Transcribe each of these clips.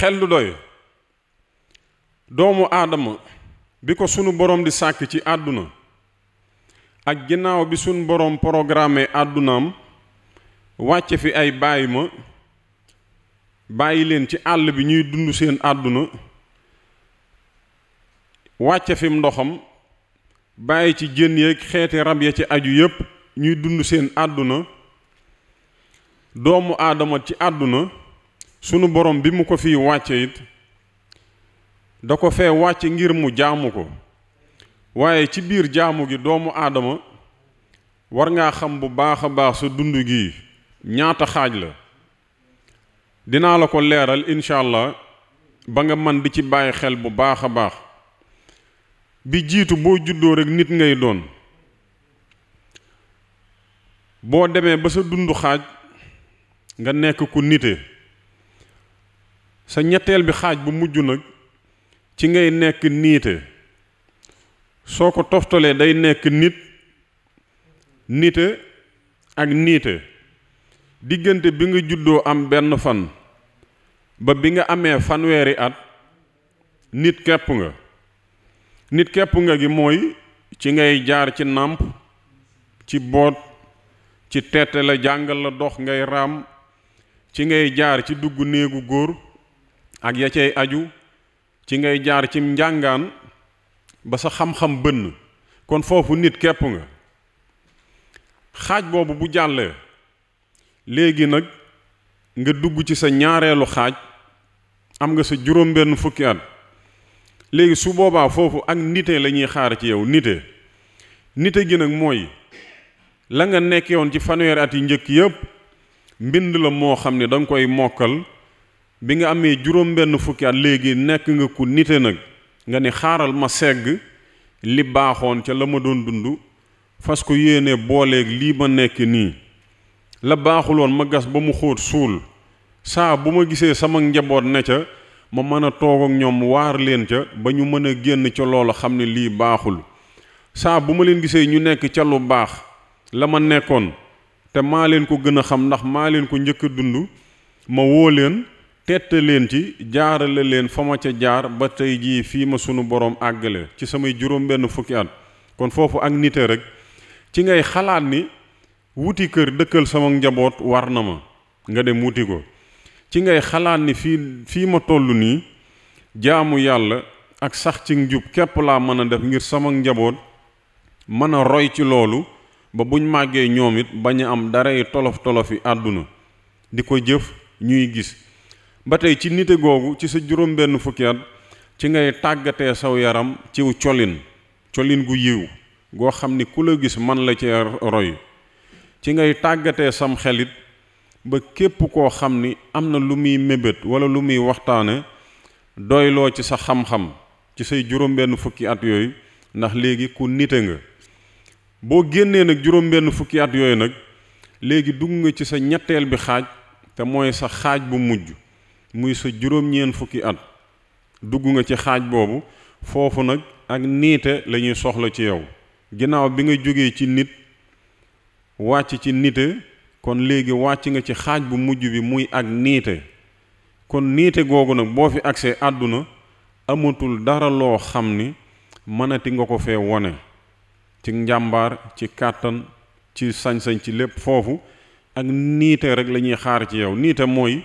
xel lu doy doomu aadama bi ko sunu borom di sàkk ci àdduna ak ginnaaw bi sunu boroom programme àddunaam wàcce fi ay bàyyi ma bàyyi leen ci àll bi ñuy dund seen àdduna wàcce fim ndoxam bàyyi ci jën yeeg xeeti rab yi ci aju yépp ñuy dund seen àdduna doomu aadama ci àdduna sunu borom bi mu ko fi wàcce it da ko fee wàcc ngir mu jaamu ko waaye ci biir jaamu gi doomu aadama war ngaa xam bu baax a baax sa dund gi ñaata xaaj la dinaa la ko leeral incha ba nga man di ci bàyyi xel bu baax a baax bi jiitu boo juddoo rekk nit ngay doon boo demee ba sa dund xaaj nga nekk ku nite sa ñetteel bi xaaj bu mujj nag ci ngay nekk niite soo ko toftalee day nekk nit nite ak niite diggante bi nga juddoo am benn fan ba bi nga amee fanweeri at nit kepp nga nit kepp nga gi mooy ci ngay jaar ci nàmp ci boot ci teete la jàngal la dox ngay raam ci ngay jaar ci dugg néegu góor ak ya cay aju ci ngay jaar ci njàngaan ba sa xam-xam bënn kon foofu nit kepp nga xaaj boobu bu jàllee léegi nag nga dugg ci sa ñaareelu xaaj am nga sa juróom-benn fukki at léegi su boobaa foofu ak nite lañuy ñuy xaar ci yow nite nite gi nag mooy la nga nekk yoon ci fanweeri at yi njëkk yépp mbind la moo xam ne danga koy mokkal bi nga amee juróom-benn fukki at léegi nekk nga ku nite nag nga ne xaaral ma segg li baaxoon ca la ma doon dund fas ko yéene booleeg lii ma nekk nii la baaxuloon ma gas ba mu xóot suul saa bu ma gisee sama njaboot na ca ma mën a toog ak ñoom waar leen ca ba ñu mën a génn ca loolu xam ne lii baaxul saa bu ma leen gisee ñu nekk ca lu baax la ma nekkoon te maa leen ko gën a xam ndax maa leen ko njëkk a dund ma woo leen tette leen ci jaarale leen fa ma ca jaar ba tey jii fii ma sunu borom àggale ci samay juróom-benn fukki at kon foofu ak nite rek ci ngay xalaat ni wuti kër dëkkal sama njaboot war na ma nga dem wuti ko ci ngay xalaat ni fii fii ma toll nii jaamu yàlla ak sax ci njub képp laa mën a def ngir sama njaboot mën a roy ci loolu ba buñ màggee ñoom it bañ a am dara tolof tolof yi àdduna di ko jëf ñuy gis ba tey ci nite googu ci sa juróom-benn fukki at ci ngay tàggatee saw yaram ciw colin colin gu yiw goo xam ni ku la gis man la ci roy ci ngay tàggatee sam xelit ba képp koo xam ni am na lu muy mébét wala lu muy waxtaane doyloo ci sa xam-xam ci say juróom-benn fukki at yooyu ndax léegi ku nite nga boo génnee nag juróom-benn fukki at yooyu nag léegi dugg nga ci sa ñetteel bi xaaj te mooy sa xaaj bu mujj muy sa juróom-ñeent fukki at dugg nga ci xaaj boobu foofu nag ak niite lañuy soxla ci yow ginnaaw bi nga jógee ci nit wàcc ci nite kon léegi wàcc nga ci xaaj bu mujj bi muy ak niite kon niite googu nag boo fi agsee àdduna amatul dara loo xam ni mënati nga ko fee wone ci njàmbaar ci kàttan ci sañ-sañ ci lépp foofu ak niite rek lañuy xaar ci yow niite mooy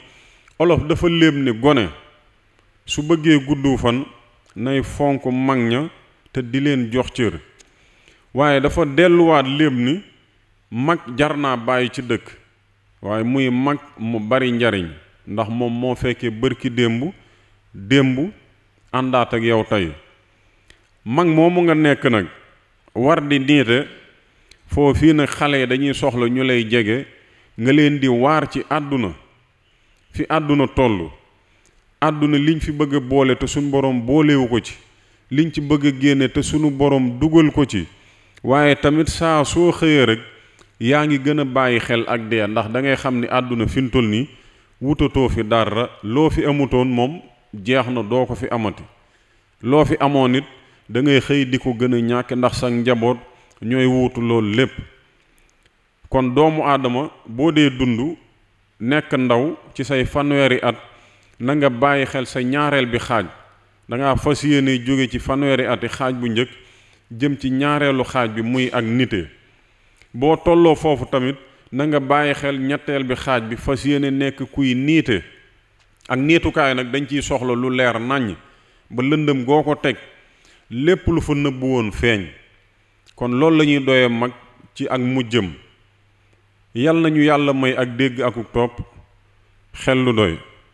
olof dafa léem ne gone su bëggee gudd fan nay fonk mag ña te di leen jox cër waaye dafa delluwaat léem ni mag jar naa bàyyi ci dëkk waaye muy mag mu bari njariñ ndax moom moo fekkee bërki démb démb àndaat ak yow tey mag moomu nga nekk nag war di niite foo fii nag xale yi dañuy soxla ñu lay jege nga leen di waar ci àdduna fi àdduna toll àdduna liñ fi bëgg a boole te suñu borom boolewu ko ci liñ ci bëgg génne te suñu boroom dugal ko ci waaye tamit saa soo xëyee rek yaa ngi gën a bàyyi xel ak dee ndax dangay xam ni àdduna fi mu toll nii wutatoo fi dara loo fi amutoon moom jeex na doo ko fi amati loo fi amoon it da ngay xëy di ko gën a ñàkk ndax sa njaboot ñooy wuutu loolu lépp kon doomu aadama boo dee dund nekk ndaw ci say fanweeri at na nga bàyyi xel sa ñaareel bi xaaj da ngaa fas yéene jóge ci fanweeri ati xaaj bu njëkk jëm ci ñaareelu xaaj bi muy ak nite boo tolloo foofu tamit na nga bàyyi xel ñetteel bi xaaj bi fas yéene nekk kuy niite ak niitukaay nag dañ ciy soxla lu leer nàññ ba lëndëm goo ko teg lépp lu fa nëbbu woon feeñ kon loolu lañuy ñuy doyee mag ci ak mu jëm yal nañu yàlla may ak dégg akuk topp xel lu doy